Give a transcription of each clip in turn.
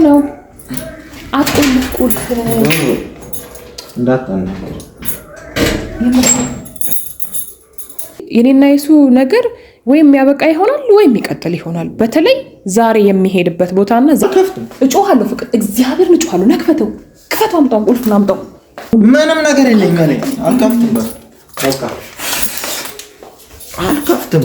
እያደረኩ ነው። አቁልፍ ቁልፍ የኔና የሱ ነገር ወይም የሚያበቃ ይሆናል ወይም የሚቀጥል ይሆናል። በተለይ ዛሬ የሚሄድበት ቦታና እጮሃለሁ፣ ፍቅር እግዚአብሔር እጮሃለሁ። ነክፈተው፣ ክፈተው፣ አምጣው፣ ቁልፍ ናምጣው። ምንም ነገር የለኝ አልከፍትም፣ አልከፍትም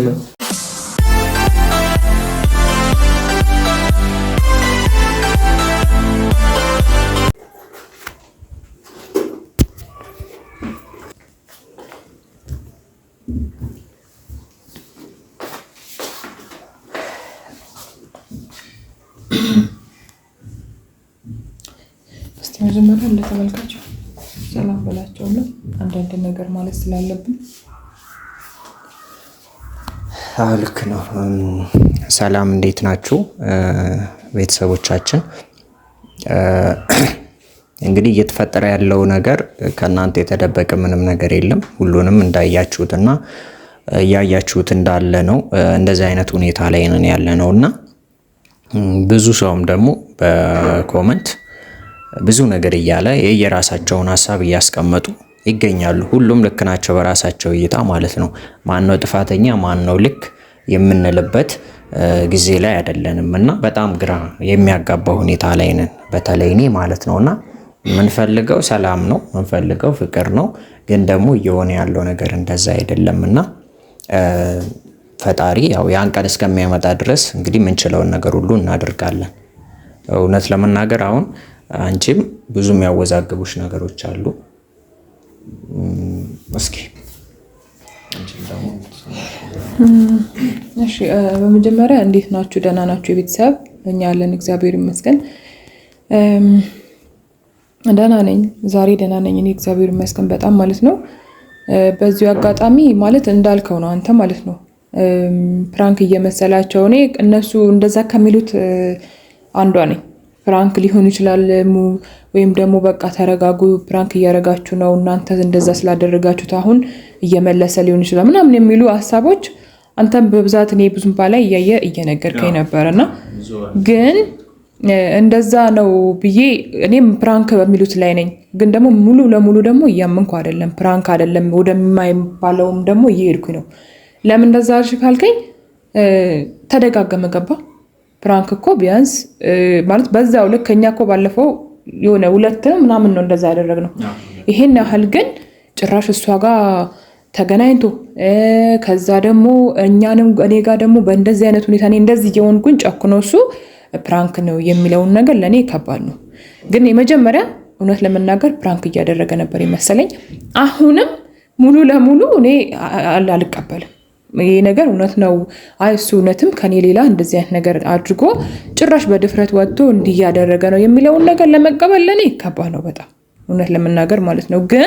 ስላለብን ልክ ነው። ሰላም እንዴት ናችሁ ቤተሰቦቻችን? እንግዲህ እየተፈጠረ ያለው ነገር ከእናንተ የተደበቀ ምንም ነገር የለም። ሁሉንም እንዳያችሁትና እያያችሁት እንዳለ ነው። እንደዚህ አይነት ሁኔታ ላይ ነን ያለ ነው እና ብዙ ሰውም ደግሞ በኮመንት ብዙ ነገር እያለ የየራሳቸውን ሀሳብ እያስቀመጡ ይገኛሉ። ሁሉም ልክ ናቸው በራሳቸው እይታ ማለት ነው። ማነው ጥፋተኛ ማነው ልክ የምንልበት ጊዜ ላይ አይደለንም እና በጣም ግራ የሚያጋባ ሁኔታ ላይ ነን፣ በተለይ እኔ ማለት ነው እና የምንፈልገው ሰላም ነው፣ የምንፈልገው ፍቅር ነው። ግን ደግሞ እየሆነ ያለው ነገር እንደዛ አይደለም እና ፈጣሪ ያው ያን ቀን እስከሚያመጣ ድረስ እንግዲህ የምንችለውን ነገር ሁሉ እናደርጋለን። እውነት ለመናገር አሁን አንቺም ብዙ የሚያወዛግቡሽ ነገሮች አሉ። Mm, እስኪ እሺ በመጀመሪያ እንዴት ናችሁ? ደህና ናችሁ? የቤተሰብ እኛ ያለን እግዚአብሔር ይመስገን ደህና ነኝ። ዛሬ ደህና ነኝ እኔ እግዚአብሔር ይመስገን በጣም ማለት ነው። በዚሁ አጋጣሚ ማለት እንዳልከው ነው አንተ ማለት ነው ፕራንክ እየመሰላቸው እኔ እነሱ እንደዛ ከሚሉት አንዷ ነኝ ፕራንክ ሊሆን ይችላል ወይም ደግሞ በቃ ተረጋጉ፣ ፕራንክ እያረጋችሁ ነው እናንተ እንደዛ ስላደረጋችሁት አሁን እየመለሰ ሊሆን ይችላል ምናምን የሚሉ ሀሳቦች አንተም በብዛት እኔ ብዙም ባላይ እያየ እየነገርከኝ እና ግን እንደዛ ነው ብዬ እኔም ፕራንክ በሚሉት ላይ ነኝ። ግን ደግሞ ሙሉ ለሙሉ ደግሞ እያመንኩ አይደለም፣ ፕራንክ አይደለም ወደማይባለውም ደግሞ እየሄድኩኝ ነው። ለምን እንደዛ ካልከኝ ተደጋገመ ገባ ፕራንክ እኮ ቢያንስ ማለት በዛው ልክ እኛ እኮ ባለፈው የሆነ ሁለት ምናምን ነው እንደዛ ነው። ይሄን ያህል ግን ጭራሽ እሷ ጋር ተገናኝቶ ከዛ ደግሞ እኛንም እኔ ጋር ደግሞ በእንደዚህ አይነት ሁኔታ እኔ እንደዚህ የሆንኩኝ ጨክኖ እሱ ፕራንክ ነው የሚለውን ነገር ለእኔ ከባድ ነው። ግን የመጀመሪያ እውነት ለመናገር ፕራንክ እያደረገ ነበር ይመሰለኝ። አሁንም ሙሉ ለሙሉ እኔ አልቀበልም። ይሄ ነገር እውነት ነው፣ አይ እሱ እውነትም ከኔ ሌላ እንደዚህ አይነት ነገር አድርጎ ጭራሽ በድፍረት ወጥቶ እንዲህ እያደረገ ነው የሚለውን ነገር ለመቀበል ለእኔ ከባድ ነው በጣም እውነት ለመናገር ማለት ነው። ግን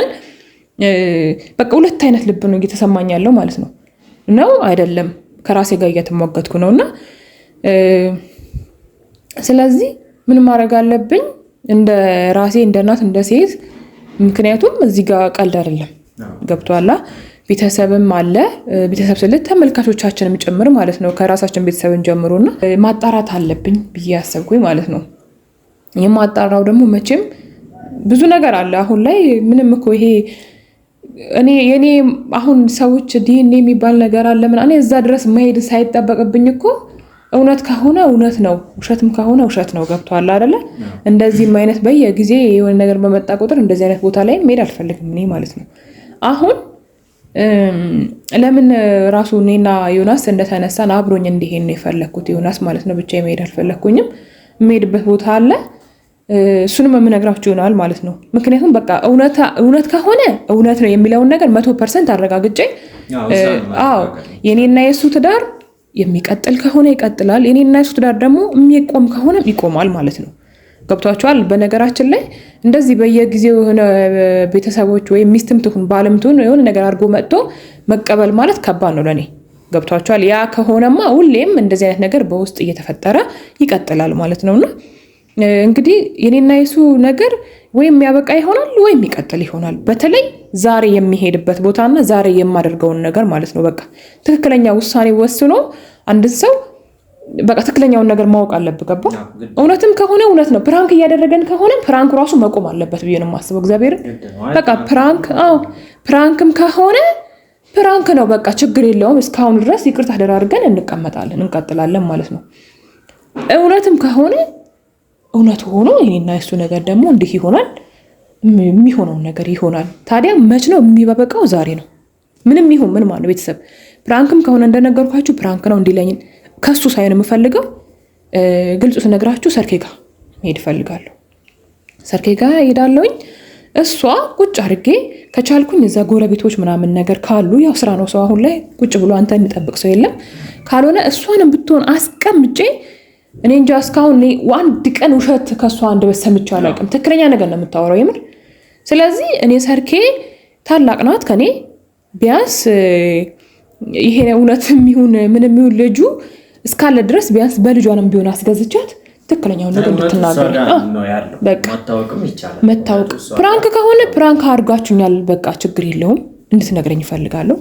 በቃ ሁለት አይነት ልብ ነው እየተሰማኝ ያለው ማለት ነው። ነው አይደለም ከራሴ ጋር እየተሟገትኩ ነው። እና ስለዚህ ምን ማድረግ አለብኝ እንደ ራሴ እንደ እናት እንደ ሴት ምክንያቱም እዚህ ጋር ቀልድ አይደለም ገብቷላ ቤተሰብም አለ። ቤተሰብ ስል ተመልካቾቻችንም ጭምር ማለት ነው። ከራሳችን ቤተሰብን ጀምሮና ማጣራት አለብኝ ብዬ ያሰብኩኝ ማለት ነው። የማጣራው ደግሞ መቼም ብዙ ነገር አለ። አሁን ላይ ምንም እኮ ይሄ እኔ የኔ አሁን ሰዎች ዲኤንኤ የሚባል ነገር አለ እኔ እዛ ድረስ መሄድ ሳይጠበቅብኝ እኮ እውነት ከሆነ እውነት ነው፣ ውሸትም ከሆነ ውሸት ነው። ገብቷል አይደለ? እንደዚህም አይነት በየጊዜ የሆነ ነገር በመጣ ቁጥር እንደዚህ አይነት ቦታ ላይ መሄድ አልፈልግም እኔ ማለት ነው አሁን ለምን ራሱ እኔና ዮናስ እንደተነሳን አብሮኝ እንዲሄድ ነው የፈለግኩት። ዮናስ ማለት ነው ብቻ የመሄድ አልፈለግኩኝም። የምሄድበት ቦታ አለ፣ እሱንም የምነግራችሁ ይሆናል ማለት ነው። ምክንያቱም በቃ እውነት ከሆነ እውነት ነው የሚለውን ነገር መቶ ፐርሰንት አረጋግጬ፣ አዎ የኔና የእሱ ትዳር የሚቀጥል ከሆነ ይቀጥላል፣ የኔና የእሱ ትዳር ደግሞ የሚቆም ከሆነም ይቆማል ማለት ነው። ገብቷቸዋል። በነገራችን ላይ እንደዚህ በየጊዜው የሆነ ቤተሰቦች ወይም ሚስትም ትሁን ባልም ትሁን የሆነ ነገር አድርጎ መጥቶ መቀበል ማለት ከባድ ነው ለእኔ ገብቷቸዋል። ያ ከሆነማ ሁሌም እንደዚህ አይነት ነገር በውስጥ እየተፈጠረ ይቀጥላል ማለት ነውና እንግዲህ የኔና የሱ ነገር ወይም ያበቃ ይሆናል ወይም ይቀጥል ይሆናል። በተለይ ዛሬ የሚሄድበት ቦታና ዛሬ የማደርገውን ነገር ማለት ነው። በቃ ትክክለኛ ውሳኔ ወስኖ አንድን ሰው በቃ ትክክለኛውን ነገር ማወቅ አለብህ። ገባ? እውነትም ከሆነ እውነት ነው። ፕራንክ እያደረገን ከሆነ ፕራንክ ራሱ መቆም አለበት ብዬ ነው የማስበው። እግዚአብሔርን በቃ ፕራንክ፣ አዎ ፕራንክም ከሆነ ፕራንክ ነው። በቃ ችግር የለውም። እስካሁን ድረስ ይቅርታ ደራርገን እንቀመጣለን፣ እንቀጥላለን ማለት ነው። እውነትም ከሆነ እውነቱ ሆኖ የኔና የሱ ነገር ደግሞ እንዲህ ይሆናል፣ የሚሆነውን ነገር ይሆናል። ታዲያ መች ነው የሚበበቃው? ዛሬ ነው። ምንም ይሁን ምን ማነው ቤተሰብ ፕራንክም ከሆነ እንደነገርኳችሁ ፕራንክ ነው እንዲለኝን ከሱ ሳይሆን የምፈልገው ግልጹ ስነግራችሁ ሰርኬ ጋ መሄድ እፈልጋለሁ። ሰርኬ ጋ ሄዳለሁኝ። እሷ ቁጭ አድርጌ ከቻልኩኝ እዛ ጎረቤቶች ምናምን ነገር ካሉ ያው ስራ ነው ሰው አሁን ላይ ቁጭ ብሎ አንተ የሚጠብቅ ሰው የለም። ካልሆነ እሷንም ብትሆን አስቀምጬ እኔ እንጃ እስካሁን አንድ ቀን ውሸት ከእሷ በት ሰምቼ አላውቅም። ትክክለኛ ነገር ነው የምታወራው የምር። ስለዚህ እኔ ሰርኬ ታላቅ ናት ከኔ ቢያንስ ይሄ እውነት የሚሆን ምን ይሁን ልጁ እስካለ ድረስ ቢያንስ በልጇንም ቢሆን አስገዝቻት ትክክለኛውን ነገር እንድትናገር መታወቅ ፕራንክ ከሆነ ፕራንክ አድርጋችሁኛል፣ በቃ ችግር የለውም እንድትነግረኝ እፈልጋለሁ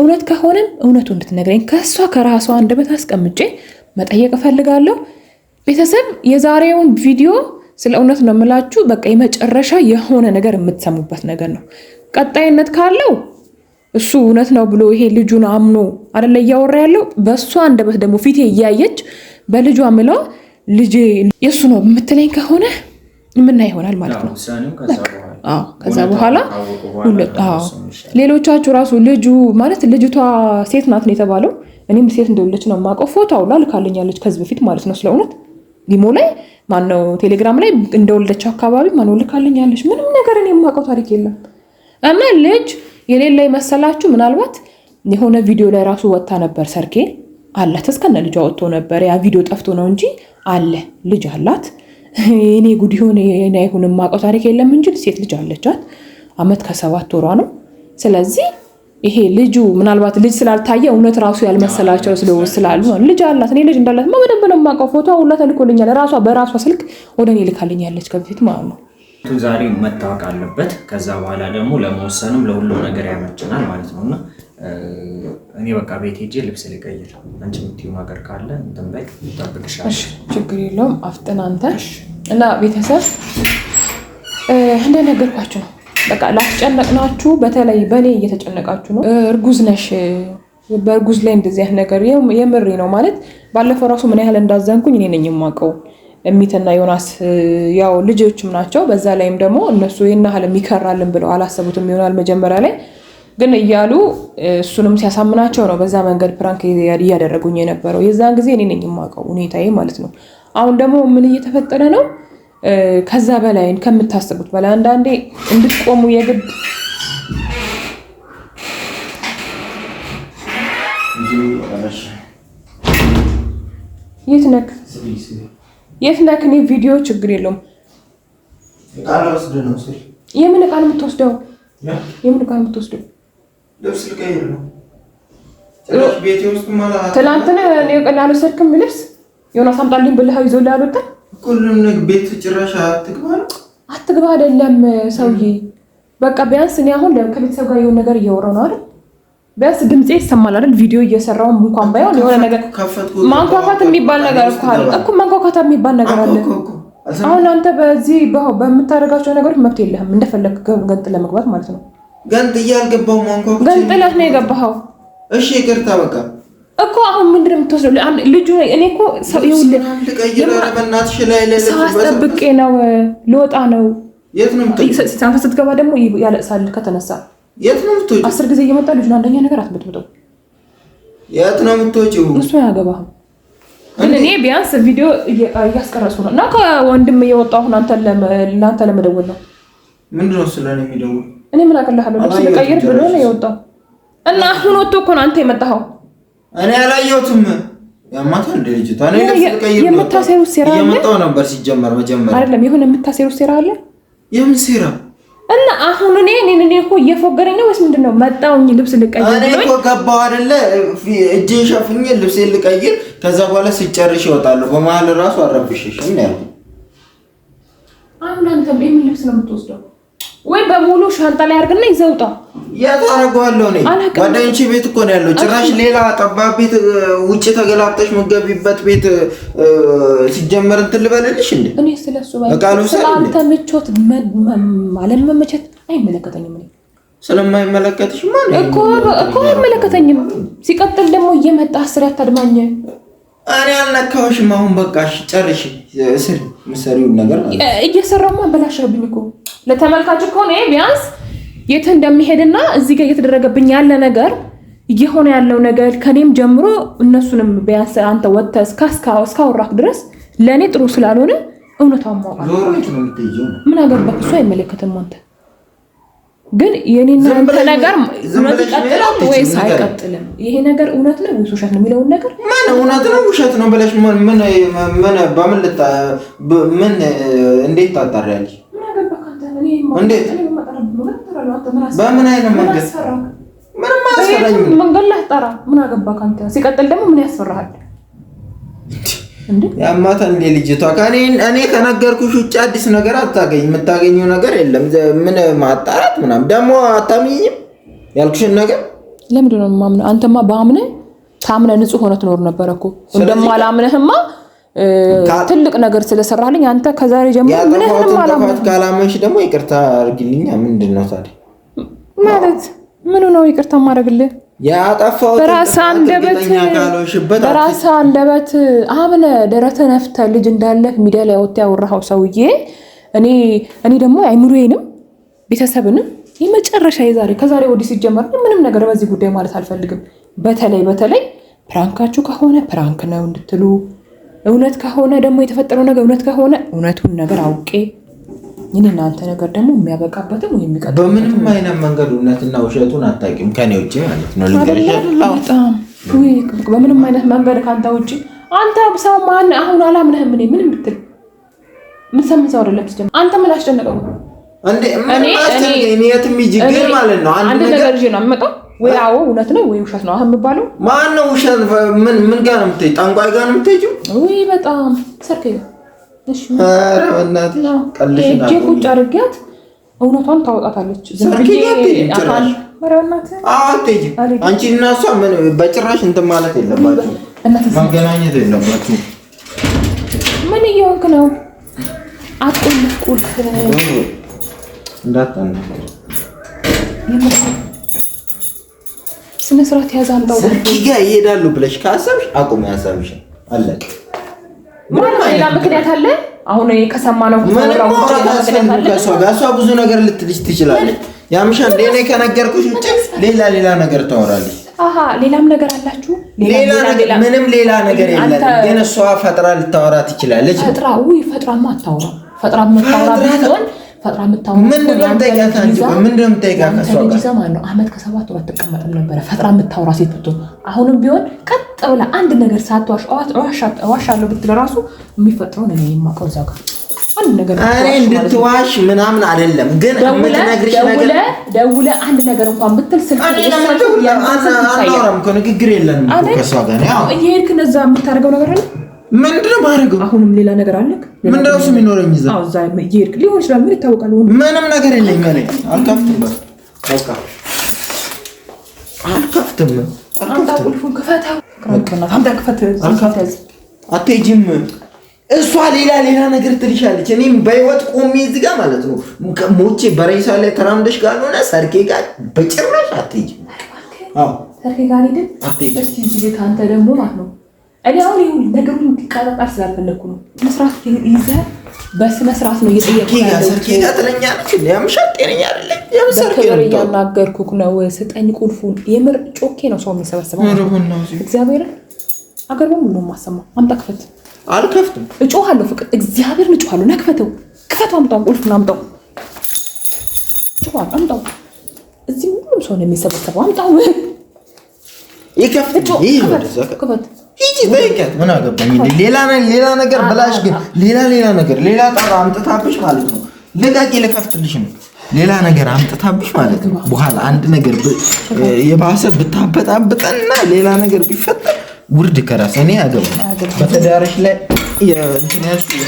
እውነት ከሆነም እውነቱ እንድትነግረኝ ከእሷ ከራሷ አንደበት አስቀምጬ መጠየቅ እፈልጋለሁ። ቤተሰብ የዛሬውን ቪዲዮ ስለ እውነት ነው የምላችሁ። በቃ የመጨረሻ የሆነ ነገር የምትሰሙበት ነገር ነው። ቀጣይነት ካለው እሱ እውነት ነው ብሎ ይሄ ልጁን አምኖ አደለ እያወራ ያለው። በእሷ አንደበት ደግሞ ፊቴ እያየች በልጇ ምለ ልጄ የእሱ ነው የምትለኝ ከሆነ ምና ይሆናል ማለት ነው። ከዛ በኋላ ሌሎቻችሁ ራሱ ልጁ ማለት ልጅቷ ሴት ናት ነው የተባለው። እኔም ሴት እንደወለች ነው የማውቀው። ፎቶ አውላ ልካልኛለች ከዚህ በፊት ማለት ነው። ስለእውነት ሊሞ ላይ ማነው ቴሌግራም ላይ እንደወለደች አካባቢ ማነው ልካልኛለች። ምንም ነገር እኔ የማውቀው ታሪክ የለም። እና ልጅ የሌለ የመሰላችሁ ምናልባት የሆነ ቪዲዮ ላይ ራሱ ወጥታ ነበር። ሰርኬ አላት እስከነ ልጅ አወጥቶ ነበር። ያ ቪዲዮ ጠፍቶ ነው እንጂ አለ ልጅ አላት። እኔ ጉድ ሆን አይሁን የማውቀው ታሪክ የለም እንጂ ሴት ልጅ አለቻት። አመት ከሰባት ወሯ ነው። ስለዚህ ይሄ ልጁ ምናልባት ልጅ ስላልታየ እውነት ራሱ ያልመሰላቸው ስለው ስላሉ ልጅ አላት። እኔ ልጅ እንዳላት በደንብ ነው የማውቀው። ፎቶ ሁላ ተልኮልኛል። ራሷ በራሷ ስልክ ወደ እኔ ልካልኛለች ከበፊት ማለት ነው። ዛሬ መታወቅ አለበት። ከዛ በኋላ ደግሞ ለመወሰንም ለሁሉም ነገር ያመችናል ማለት ነው እና እኔ በቃ ቤት ሄጄ ልብስ ልቀይር፣ አንቺ የምትይው ነገር ካለ እንትን በይ፣ እጠብቅሻለሁ። ችግር የለውም አፍጥን አንተ እና ቤተሰብ እንደነገርኳችሁ ነው። በቃ ላስጨነቅናችሁ፣ በተለይ በእኔ እየተጨነቃችሁ ነው። እርጉዝ ነሽ፣ በእርጉዝ ላይ እንደዚህ ነገር የምሬ ነው ማለት ባለፈው ራሱ ምን ያህል እንዳዘንኩኝ እኔ ነኝ የማውቀው እሚትና ዮናስ ያው ልጆችም ናቸው። በዛ ላይም ደግሞ እነሱ ይህን ያህል የሚከራልን ብለው አላሰቡትም ይሆናል መጀመሪያ ላይ ግን እያሉ እሱንም ሲያሳምናቸው ነው በዛ መንገድ ፕራንክ እያደረጉኝ የነበረው። የዛን ጊዜ እኔ ነኝ የማውቀው ሁኔታዬ ማለት ነው። አሁን ደግሞ ምን እየተፈጠረ ነው? ከዛ በላይ ከምታስቡት በላይ አንዳንዴ እንድትቆሙ የግድ የት ነክ የት ነህ? እኔ ቪዲዮ ችግር የለውም። የምን ዕቃ ነው የምትወስደው? የምን ዕቃ ነው የምትወስደው? ልብስ ልቀይር ነው። እኔ ትናንትና አልወሰድክም ልብስ ዮናስ አምጣልኝ ብለህ ይዞልህ አልወጣም። ሁሉም ቤት ጭራሽ አትግባ አትግባ አይደለም ሰውዬ። በቃ ቢያንስ እኔ አሁን ከቤተሰብ ጋር የሆነ ነገር እያወራሁ ነው አይደል ቢያንስ ድምፄ ይሰማል አይደል? ቪዲዮ እየሰራው እንኳን ባይሆን የሆነ ነገር ማንኳኳት የሚባል ነገር እኮ ማንኳኳት የሚባል ነገር አለ። አሁን አንተ በዚህ በምታደርጋቸው ነገሮች መብት የለህም፣ እንደፈለግ ገንጥ ለመግባት ማለት ነው። ገንጥ እያልገባው ማንኳኳት ገንጥለህ ነው የገባኸው። እሺ ይቅርታ በቃ እኮ አሁን ምንድን የምትወስደው ልጁ? እኔ እኮ ሰው ሰዓት ጠብቄ ነው ልወጣ ነው። ሳንፈ ስትገባ ደግሞ ያለቅሳል ከተነሳ የት ነው የምትወጪው? አስር ጊዜ እየመጣ ልጁን አንደኛ ነገር አትመጥምጠው። የት ነው የምትወጪው? እሱ አያገባህም። ግን እኔ ቢያንስ ቪዲዮ እያስቀረጽኩ ነው እና ከወንድም እየወጣሁ አሁን ለአንተ ለመደወል ነው። ምንድን ስለ እኔ የሚደውል? እኔ ምን አቅልሃለሁ? ልብስ ልቀይር ብሎ ነው የወጣው እና አሁን ወጥቶ እኮ ነው አንተ የመጣኸው። እኔ አላየሁትም። ያማታ እንደ ልጅቷ የምታሴሩ ሴራ አለ። እየመጣሁ ነበር ሲጀመር መጀመሪያ አይደለም። የሆነ የምታሴሩ ሴራ አለ። የምን ሴራ እና አሁን እኔ እኔ እኔ እኮ እየፎገረኝ ነው ወይስ ምንድን ነው? መጣሁኝ ልብስ ልቀይር። እኔ እኮ ገባሁ አይደለ እጄ ሸፍኜ ልብስ ልቀይር፣ ከዛ በኋላ ሲጨርሽ ይወጣሉ። በመሀል ራሱ አረብሽሽ ነው ያልኩት። አሁን አንተ ምን ልብስ ነው የምትወስደው? ወይ በሙሉ ሻንጣ ላይ አድርግና ይዘውጣ ውጣ። የት አደርገዋለሁ? እኔ ጓደኞቼ ቤት እኮ ነው ያለው። ጭራሽ ሌላ ጠባብ ቤት ውጭ ተገላብጠሽ መገቢበት ቤት ሲጀመር እንትን ልበልልሽ እንዴ? እኔ ስለሱ ባይ ስለአንተ ምቾት አለመመቸት አይመለከተኝም። እኔ ስለማይመለከትሽ ማለት እኮ እኮ አይመለከተኝም። ሲቀጥል ደግሞ እየመጣ አስር ያታድማኝ። እኔ አልነካሁሽም። አሁን በቃሽ፣ ጨርሽ። ስሪ፣ ምሰሪውን ነገር እየሰራማ በላሻብኝ እኮ ለተመልካች ከሆነ ቢያንስ የት እንደሚሄድና እዚህ ጋር እየተደረገብኝ ያለ ነገር እየሆነ ያለው ነገር ከኔም ጀምሮ እነሱንም ቢያንስ አንተ ወጥተህ እስካወራክ ድረስ ለእኔ ጥሩ ስላልሆነ እውነቷ ማውቃል። ምን አገባህ? እሱ አይመለከትም። አንተ ግን የኔና አንተ ነገር እውነት ይቀጥላል ወይስ አይቀጥልም? ይሄ ነገር እውነት ነው ወይስ ውሸት ነው የሚለውን ነገር ምን እውነት ነው ውሸት ነው ብለሽ ምን ምን በምን ምን እንዴት ታጣሪያለሽ? እንዴት በምን አይነት መንገድ? ምንም አያስፈራኝም። መንገድ ላይ ጠራ ምን አገባ አንተ? ሲቀጥል ደግሞ ምን ያስፈራሃል? ያማታን ልጅቷ እኔ ከነገርኩሽ ውጭ አዲስ ነገር አታገኝ። የምታገኘው ነገር የለም። ምን ማጣራት ምናምን ደግሞ አታምኝም ያልኩሽን ነገር ለምንድን ነው የማምነው? አንተማ በአምነህ ታምነህ ንጹህ ሆነ ትኖር ነበረ እኮ እንደማላምነህማ ትልቅ ነገር ስለሰራልኝ አንተ ከዛሬ ጀምሮ ምንህንም አላመንኩም። ካላመንሽ ደግሞ ይቅርታ አድርግልኛ። ምንድን ነው ታዲያ ማለት ምኑ ነው ይቅርታ ማድረግልህ? በራስህ አንደበት አምነህ ደረትህ ነፍተህ ልጅ እንዳለህ ሚዲያ ላይ ወጥተህ ያወራኸው ሰውዬ እኔ እኔ ደግሞ አይምሮዬንም ቤተሰብንም የመጨረሻ የዛሬ ከዛሬ ወዲህ ሲጀመር ምንም ነገር በዚህ ጉዳይ ማለት አልፈልግም። በተለይ በተለይ ፕራንካችሁ ከሆነ ፕራንክ ነው እንድትሉ እውነት ከሆነ ደግሞ የተፈጠረው ነገር እውነት ከሆነ እውነቱን ነገር አውቄ ይህን እናንተ ነገር ደግሞ የሚያበቃበትም ወይ የሚቀጥለው በምንም አይነት መንገድ እውነትና ውሸቱን አታውቂም ከኔ ውጭ ማለት ነው። በምንም አይነት መንገድ ከአንተ ውጭ አንተ ሰው ማን አሁን አላምነህም። እኔ ምን ብትል የምትሰምን ሰው አይደለም። አንተ ምን አስጨነቀው? ማለት ነው። አንድ ነገር ይዤ ነው የምመጣው። ወይ አዎ እውነት ነው ወይ ውሸት ነው አሁን የምባለው። ማን ነው ውሸት? ምን ምን ጋር ነው የምትሄጂው? ጠንቋይ ጋር ነው የምትሄጂው? ወይ በጣም እሺ ሰርክ እጄ ቁጭ አድርጊያት እውነቷን ታወጣታለች። አንቺ እና እሷ ምን በጭራሽ እንትን ማለት የለባችሁ መገናኘት የለባችሁ። ምን እየሆንክ ነው? አቁልፍ ቁልፍ እንዳታና ስነ ስርዓት ያዝ። አምጣው ጋ ይሄዳሉ ብለሽ ከሀሳብሽ አቁም። ሀሳብሽ አለ። ሌላ ምክንያት አለ። ብዙ ነገር ልትልሽ ትችላለች። ያምሻል። ሌላ ከነገርኩሽ ውጭ ሌላ ሌላ ነገር ታወራለች። ሌላም ነገር አላችሁ። ምንም ሌላ ነገር የለም፣ ግን እሷ ፈጥራ ልታወራ ትችላለች። ፈጥራ ፈጥራማ አታወራ። ፈጥራ የምታወራ ቢሆን ፈጥራ የምታወራ ነው። ዓመት ከሰባት ወር አትቀመጥም ነበረ ፈጥራ የምታወራ ሴት ብትሆን አሁንም ቢሆን ቀጥ ብላ አንድ ነገር ሳትዋሽ ዋሻለሁ ብትል ራሱ የሚፈጥረውን እኔ የማውቀው እዛ ጋር እኔ እንድትዋሽ ምናምን አይደለም፣ ግን የምትነግርሽ ነገር ደውለህ አንድ ነገር እንኳን ብትል ስልክ ንግግር የለንም ከእሷ ጋር እየሄድክ እዛ የምታደርገው ነገር አለ ምንድን ማድረግ አሁንም ሌላ ነገር አለ። ምንድን ነው እሱ የሚኖረኝ እዛ እየሄድክ ሊሆን ይችላል። ምን ይታወቃል? ምንም ነገር የለኝም አለኝ። አልከፍትም፣ አልከፍትም። አትሄጂም። እሷ ሌላ ሌላ ነገር ትልሻለች። እኔም በህይወት ቆሜ እዚህ ጋር ማለት ነው ሞቼ በሬሳ ላይ ተራምደሽ ካልሆነ ሰርኬ ጋር በጭራሽ አትሄጂም። አትሄጂም። አንተ ደግሞ ማለት ነው እኔ አሁን ይሁን ነገሩ እንዲቀጣጣል ስላልፈለኩ ነው። መስራት ይዘህ በስነ ስርዓት ነው እያናገርኩህ ነው። ስጠኝ ቁልፉን። የምር ጮኬ ነው ሰው የሚሰበስበው። እግዚአብሔርን አገር በሙሉ ነው የማሰማው። አምጣ ክፈት። አልከፍትም። እጮሃለሁ። ፍቅር እግዚአብሔርን እጮሃለሁ። ና ክፈተው፣ አምጣው፣ ቁልፉን አምጣው። ጮሃል፣ አምጣው። እዚህ ሁሉም ሰው ነው የሚሰበሰበው። አምጣው፣ ይከፍት፣ ክፈት ጠይቂያት ምን አገባኝ። ሌላ ሌላ ነገር ብላሽ ግን ሌላ ሌላ ነገር ሌላ ጣጣ አምጥታብሽ ማለት ነው። ልቃቂ ልከፍትልሽ ነው። ሌላ ነገር አምጥታብሽ ማለት ነው። በኋላ አንድ ነገር የባሰ ብታበጣብጠና ሌላ ነገር ቢፈጠር ውርድ ከራስ እኔ ያገባ በተዳረሽ ላይ የእንትን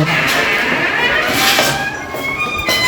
ነው።